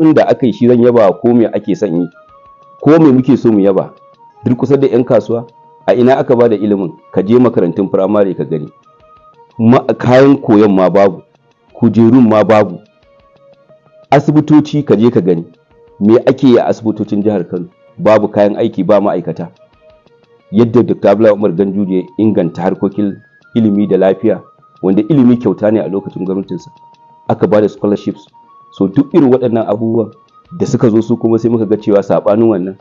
in da aka yi shi zan yaba ko me ake son yi ko me muke so mu yaba Duk kusa da 'yan kasuwa a ina aka bada ilimin ka je makarantun firamare ka gani kayan koyon ma babu kujerun ma babu asibitoci ka je ka gani me ake yi a asibitocin jihar kano babu kayan aiki ba ma'aikata yadda dr abdullahi umar ganjuri ya inganta harkokin ilimi da lafiya wanda ilimi kyauta ne a lokacin gwamnatinsa aka bada da scholarships so duk irin waɗannan abubuwan da suka zo su kuma sai muka ga cewa saɓanin wannan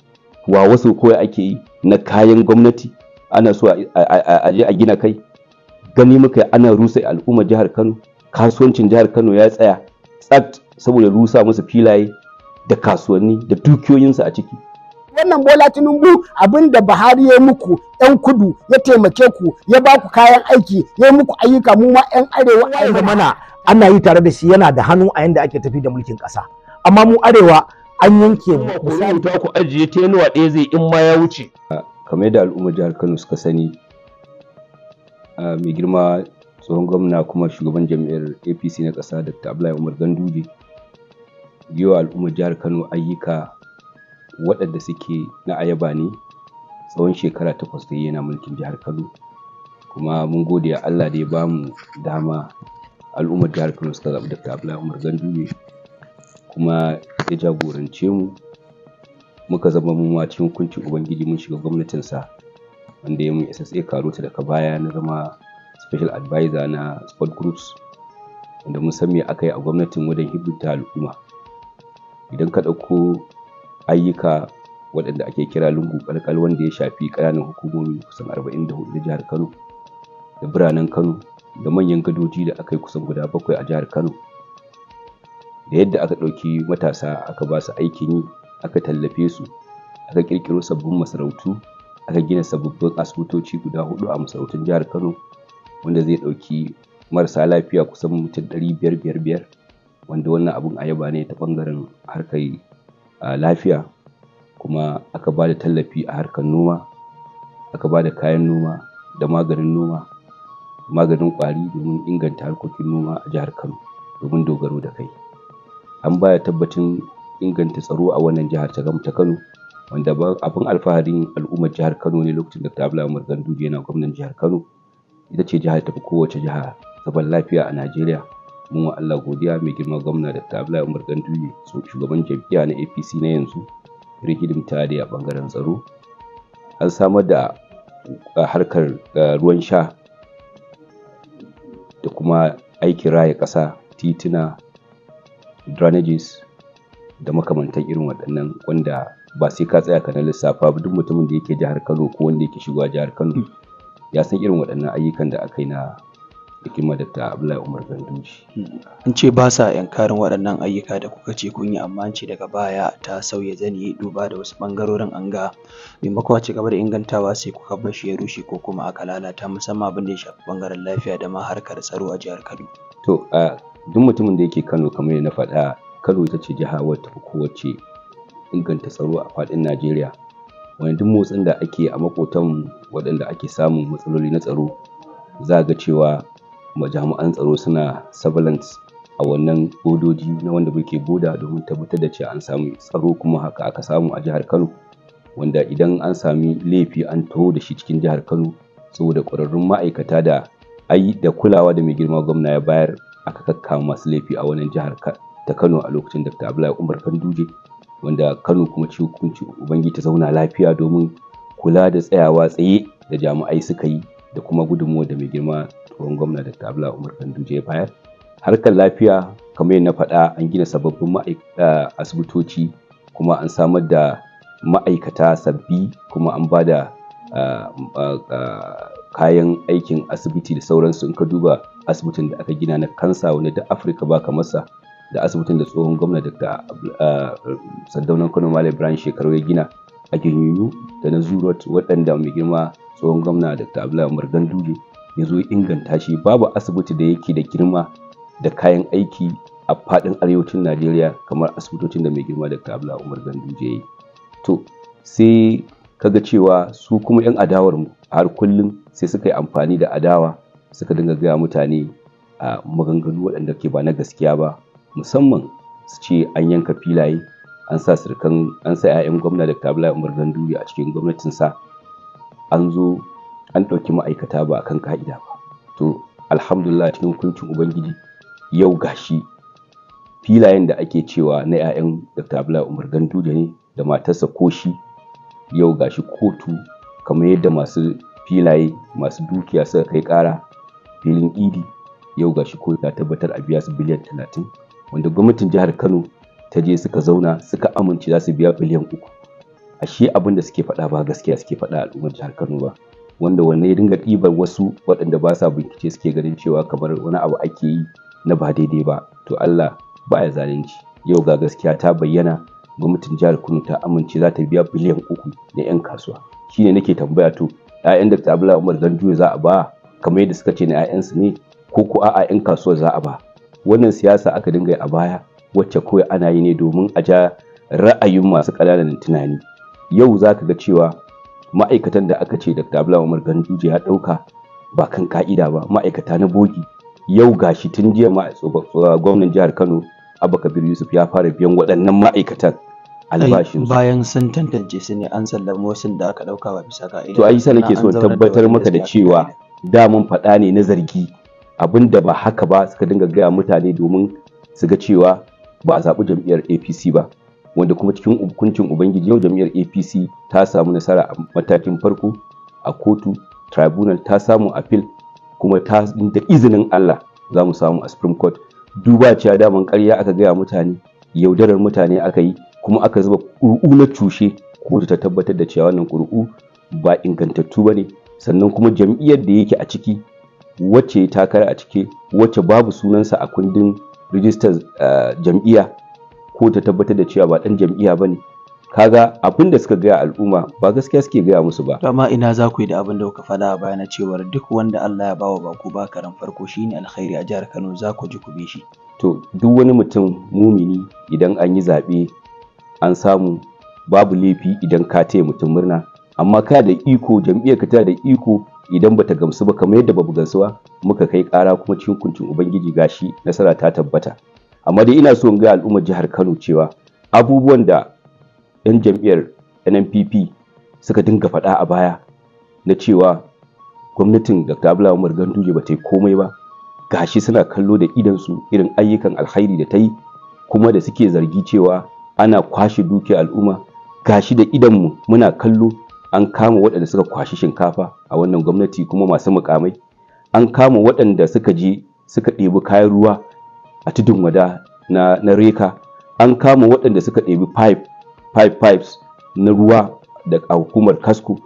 wa wasu koya ake yi na kayan gwamnati ana so a je a gina kai gani muka ana rusa al'ummar jihar kano kasuwancin jihar kano ya tsaya tsat saboda rusa musu filaye da kasuwanni da dukiyoyinsu a ciki wannan bola tinubu abin da buhari ya muku yan kudu ya taimake ku ya ba ku kayan aiki ya muku ayyuka mu ma yan arewa a mana ana yi tare da shi yana da hannu a yanda ake tafi da mulkin ƙasa amma mu arewa an yanke mu misali ta ku ajiye ta ɗaya zai in ma ya wuce kamar da al'ummar jihar Kano suka sani mai girma tsohon gwamna kuma shugaban jami'ar APC na ƙasa Dr. Abdullahi Umar Ganduje yiwa al'ummar jihar Kano ayyuka waɗanda suke na ayaba ne tsawon shekara takwas da yana mulkin jihar Kano kuma mun gode Allah da ya bamu dama al'ummar jihar kano suka zaɓi dr abdullahi umar ganduje kuma ya jagorance mu muka zama mu ma cikin hukuncin ubangiji mun shiga gwamnatinsa wanda ya mun ssa ta daga baya na zama special advisor na sport groups wanda mun san me aka yi a gwamnatin wajen hidimta al'umma idan ka ɗauko ayyuka waɗanda ake kira lungu ƙalƙal, wanda ya shafi ƙananan hukumomi kusan 44 na jihar kano da biranen kano da manyan gadoji da aka yi kusan guda bakwai a jihar kano da yadda aka ɗauki matasa aka ba su aikin yi aka tallafe su aka ƙirƙiro sabbin masarautu aka gina sababbin asibitoci guda hudu a masarautun jihar kano wanda zai ɗauki marasa lafiya kusan mutum ɗari biyar biyar biyar wanda wannan abun yaba ne ta ɓangaren harkar lafiya kuma aka ba da tallafi a harkar noma aka ba da kayan noma da maganin noma maganin ƙwari domin inganta harkokin noma a jihar Kano domin dogaro da kai. An ba da tabbacin inganta tsaro a wannan jihar ta Kano wanda abin alfaharin al'ummar jihar Kano ne lokacin da ta Abla Umar Ganduje yana gwamnan jihar Kano ita ce jihar fi kowace jiha zaman lafiya a Najeriya mun wa Allah godiya mai girma gwamna da ta Abla Umar Ganduje shugaban jam'iyya na APC na yanzu irin hidimta a bangaren tsaro an samar da uh, harkar uh, ruwan sha da kuma aikin raya ƙasa tituna drainages da makamantan irin waɗannan wanda ba sai ka tsaya ka na lissafa ba duk mutumin da yake jihar Kano ko wanda yake shigowa jihar Kano hmm. ya san irin waɗannan ayyukan da aka yi na hikimar da ta Abdullahi Umar Ganduji. In ce ba sa karin waɗannan ayyuka da kuka ce kun yi amma ce daga baya ta sauya zani duba da wasu ɓangarorin an ga maimakon ci gaba da ingantawa sai kuka bar shi ya rushe ko kuma aka lalata musamman abin da ya shafi ɓangaren lafiya da ma harkar tsaro a jihar Kano. To duk mutumin da yake Kano kamar na faɗa Kano ita ce jiha wata kowace inganta tsaro a faɗin Najeriya. Wani duk motsin da ake a makotan waɗanda ake samun matsaloli na tsaro za ga cewa jami'an tsaro suna surveillance a wannan bodoji na wanda muke goda, domin tabbatar da cewa an samu tsaro kuma haka aka samu a jihar Kano wanda idan an sami laifi an taho da shi cikin jihar Kano saboda ƙwararrun ma'aikata da ai da kulawa da mai girma gwamna ya bayar aka kakka masu laifi a wannan jihar ta Kano a lokacin Dr. Abdullahi Umar Kanduje wanda Kano kuma ci hukunci Ubangi ta zauna lafiya domin kula da tsayawa tsaye da jami'ai suka yi da kuma gudunmuwa da mai girma tsohon gwamna da Abla Umar Kanduje ya bayar. Harkar lafiya kamar yadda na faɗa an gina sababbin asibitoci kuma an samar da ma'aikata sabbi kuma an ba da kayan aikin asibiti da sauransu in ka duba asibitin da aka gina na kansa wanda da afirka ba masa. da asibitin da tsohon gwamna da sadaunan kano malam ibrahim shekaru ya gina a Ginyuyu da na Zurot waɗanda mai girma tsohon gwamna da Abdullahi Umar Ganduje ya zo inganta shi babu asibiti da yake da girma da kayan aiki a fadin arewacin Najeriya kamar asibitocin da mai girma da Abdullahi Umar Ganduje yi. To sai kaga cewa su kuma 'yan adawar mu har kullum sai suka yi amfani da adawa suka dinga gaya mutane a maganganu waɗanda ke ba na gaskiya ba musamman su ce an yanka filaye an sa sirkan an sa 'ya'yan gwamna da tabla umar ganduri a cikin gwamnatinsa an zo an ɗauki ma'aikata ba akan ka'ida ba to alhamdulillah cikin hukuncin ubangiji yau gashi filayen da ake cewa na 'ya'yan dr abdullahi umar ganduje ne da matarsa ko shi, yau gashi kotu kamar yadda masu filaye masu dukiya suka kai kara filin idi yau gashi kotu ta tabbatar a biya su biliyan talatin. wanda gwamnatin jihar kano ta je suka zauna suka amince za su biya biliyan uku ashe abin da suke faɗa ba gaskiya suke faɗa a al'ummar jihar Kano ba wanda wanne ya dinga ɗibar wasu waɗanda ba sa bincike suke ganin cewa kamar wani abu ake yi na ba daidai ba to Allah ba ya zalunci yau ga gaskiya ta bayyana gwamnatin jihar Kano ta amince za ta biya biliyan uku na 'yan kasuwa shine nake tambaya to 'ya'yan da Abdullahi Umar zan za a ba kamar yadda suka ce na 'ya'yansu ne ko ko a'a 'yan kasuwar za a ba wannan siyasa aka dinga yi a baya wacce kawai ana yi ne domin a ja ra'ayin masu ƙananan tunani yau za ka ga cewa ma'aikatan da aka ce dr abdullahi umar ganduje ya ɗauka ba kan ka'ida ba ma'aikata na bogi yau gashi tun jiya gwamnan jihar kano abba kabir yusuf ya fara biyan waɗannan ma'aikatan albashin bayan sun tantance su ne an sallama wasu da aka ɗauka ba bisa ka'ida to ai sa nake so tabbatar maka da cewa da mun faɗa ne na zargi abinda ba haka ba suka dinga gaya mutane domin su ga cewa ba a zaɓi jam'iyyar apc ba wanda kuma cikin hukuncin ubangiji yau jam'iyyar apc ta samu nasara a matakin farko a kotu tribunal ta samu appeal kuma ta da izinin allah za mu samu a supreme court duba cewa daman karya aka gaya mutane yaudarar mutane aka yi kuma aka zuba ƙuri'u na cushe kotu ta tabbatar da cewa wannan ƙuri'u ba ingantattu ba ne sannan kuma jam'iyyar da yake a ciki wacce takara a ciki wacce babu sunansa a kundin rijistar eh, jam'iyya ko ta tabbatar da cewa ba ɗan jam'iyya ba ne kaga abin da suka gaya al'umma ba gaskiya suke gaya musu ba. Amma ina za ku yi da abin da kuka faɗa a baya na cewar duk wanda Allah ya bawa baku ba karan farko shine alkhairi a jihar Kano za ku ji ku bi shi. To duk wani mutum mumini idan an yi zaɓe an samu babu laifi idan ka taya mutum murna amma ka da iko jam'iyyar ka da iko idan bata gamsu ba kamar yadda babu gamsuwa muka kai ƙara kuma cikin kuncin ubangiji gashi nasara ta tabbata amma dai ina so in ga al'ummar jihar Kano cewa abubuwan da 'yan jam'iyyar NNPP suka dinga faɗa a baya na cewa gwamnatin Dr. Abdullahi Umar Ganduje ba ta yi komai ba gashi suna kallo da idansu irin ayyukan alkhairi da ta yi kuma da suke zargi cewa ana kwashe dukiyar al'umma gashi da idanmu muna kallo an kama waɗanda suka kwashi shinkafa a wannan gwamnati kuma masu mukamai an kama waɗanda suka je suka ɗebi kayan ruwa a tudun wada na, reka an kama waɗanda suka ɗebi pipe pipe pipes na ruwa da a hukumar kasko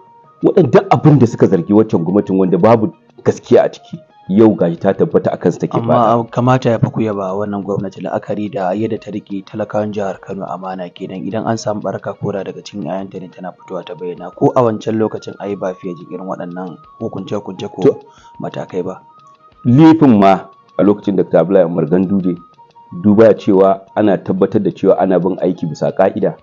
waɗanda abin da suka zargi waccan gwamnatin wanda babu gaskiya a ciki yau gashi ta tabbata akan su take fata amma kamata ya fi kuya ba wannan gwamnati la'akari da yadda ta rike talakawan jihar Kano amana kenan idan an samu baraka kora daga cikin 'ya'yanta ne tana fitowa ta bayyana ko a wancan lokacin ai ba fiye jin irin waɗannan hukunce hukunce ko matakai ba lifin ma a lokacin Dr. Abdullahi Umar Ganduje duba cewa ana tabbatar da cewa ana bin aiki bisa ka'ida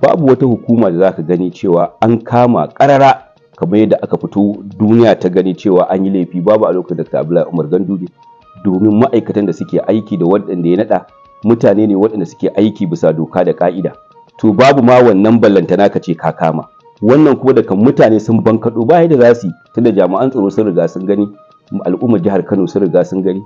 babu wata hukuma da zaka gani cewa an kama karara kamar yadda aka fito duniya ta gani cewa an yi laifi babu a lokacin Dr. Abdullahi Umar Ganduje domin ma'aikatan da suke aiki da waɗanda ya naɗa mutane ne waɗanda suke aiki bisa doka da ka'ida to babu ma wannan ballantana ka ce ka kama wannan kuma daga mutane sun bankaɗo ba yadda za su da jami'an tsaro sun riga sun gani al'ummar jihar Kano sun riga sun gani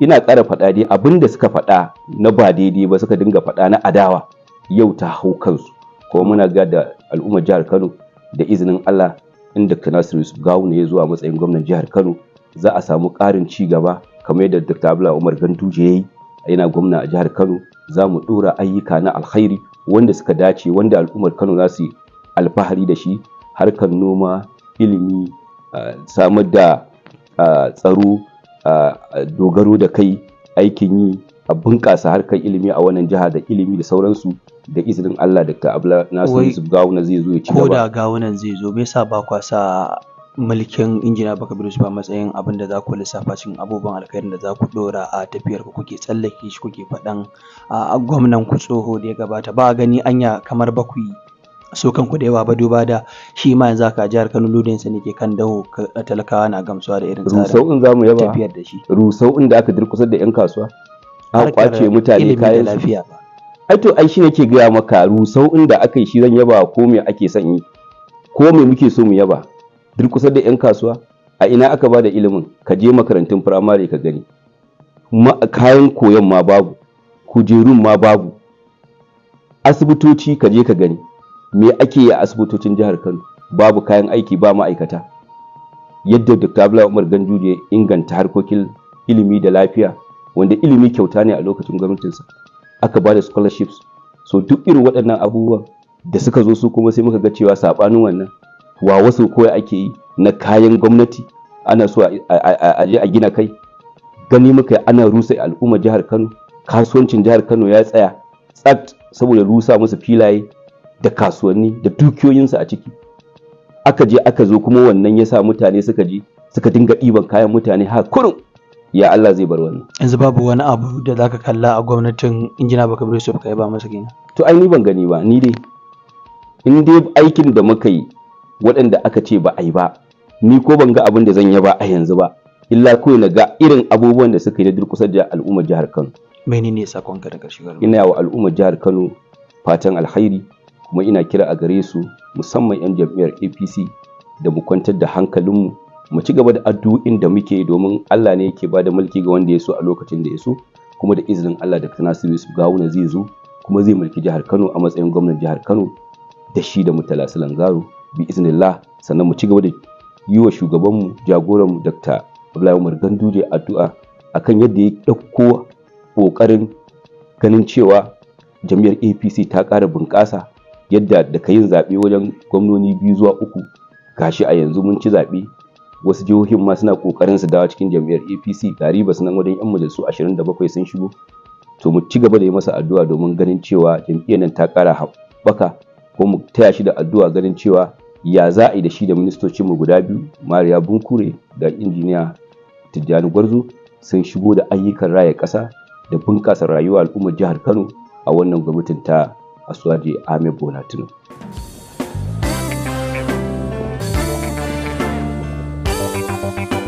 ina ƙara faɗa dai abin da suka faɗa na ba daidai ba suka dinga faɗa na adawa yau ta hau kansu kuma muna ga da al'ummar jihar Kano da izinin Allah inda Dr. Nasiru Yusuf Gawuna ya zo a matsayin gwamnan jihar Kano za a samu ƙarin ci gaba kamar yadda Dr. Abla Umar Ganduje ya yi yana gwamna a jihar Kano za mu ɗora ayyuka na alkhairi wanda suka dace wanda al'ummar Kano za su alfahari da shi harkar noma ilimi samar da tsaro dogaro da kai aikin yi a bunƙasa harkar ilimi a wannan jiha da ilimi da sauransu da izinin Allah Dr. Abla sun su Gawuna zai zo ya ci gaba. Ko da Gawunan zai zo me yasa ba kwa sa mulkin injina baka bi ba matsayin abin da za ku lissafa cikin abubuwan alkhairin da za ku dora a tafiyar ku kuke tsallake shi kuke faɗan a gwamnan ku tsoho da ya gabata ba gani anya kamar ba ku yi so kanku da yawa ba duba da shi ma yanzu aka jihar Kano ludinsa sa ke kan dawo talakawa na gamsuwa da irin tsarin zamu yaba tafiyar da shi rusau da aka durkusar da yan kasuwa an kwace mutane kayan lafiya ba to ai shine ke gaya maka rusau inda aka yi shi zan yaba ko me ake son yi ko me muke so mu yaba Duk kusa da yan kasuwa a ina aka ba da ilimin ka je makarantun firamare ka gani kayan koyon ma babu kujerun ma babu asibitoci ka je ka gani me ake yi a asibitocin jihar kano babu kayan aiki ba ma'aikata yadda dr abdullahi umar ganjuje inganta harkokin ilimi da lafiya wanda ilimi kyauta ne a lokacin sa. aka ba da scholarships so duk irin waɗannan abubuwan da suka zo su kuma sai muka ga cewa saɓanin wannan wa wasu kawai ake yi na kayan gwamnati ana so a je a gina kai gani muka ana rusa al'ummar jihar kano kasuwancin jihar kano ya tsaya tsat saboda rusa musu filaye da kasuwanni da dukiyoyinsu a ciki aka je aka zo kuma wannan ya sa mutane suka je suka dinga ɗiban kayan mutane har kurum ya Allah zai bar wani yanzu babu wani abu da zaka kalla a gwamnatin injina baka bari su kai ba masa gina. to ai ni ban gani ba ni dai in dai aikin da muka yi waɗanda aka ce ba a yi ba ni ko ban ga abin da zan yi ba a yanzu ba illa kawai na ga irin abubuwan da suka yi na durkusar da al'ummar jihar Kano menene sakonka karshe shigar ina wa al'ummar jihar Kano fatan alkhairi kuma ina kira a gare su musamman 'yan jam'iyyar apc da mu kwantar da hankalinmu mu ci gaba da addu'o'in da muke domin Allah ne yake bada mulki ga wanda ya so a lokacin da ya so kuma da izinin Allah da Nasiru su Gawuna zai zo kuma zai mulki jihar Kano a matsayin gwamnan jihar Kano da shi da Murtala zaro bi iznillah sannan mu ci gaba da yi wa shugabanmu mu Dr. Abdullahi Umar Ganduje addu'a akan yadda ya dauko ƙoƙarin ganin cewa jam'iyyar APC ta ƙara bunƙasa yadda da kayin yin zaɓe wajen gwamnoni biyu zuwa uku gashi a yanzu mun ci zaɓe wasu jihohin ma suna kokarin su dawo cikin jam'iyyar apc gari ba sunan wajen yan majalisu 27 sun shigo to mu ci gaba da yi masa addu'a domin ganin cewa jam'iyyar nan ta kara haɓaka ko mu taya shi da addu'a ganin cewa ya za a yi da shi da ministocin mu guda biyu mariya bunkure da injiniya tijjani gwarzo sun shigo da ayyukan raya kasa da bunƙasa rayuwar al'ummar jihar kano a wannan gwamnatin ta asuwaje ahmed bola tinubu ピッ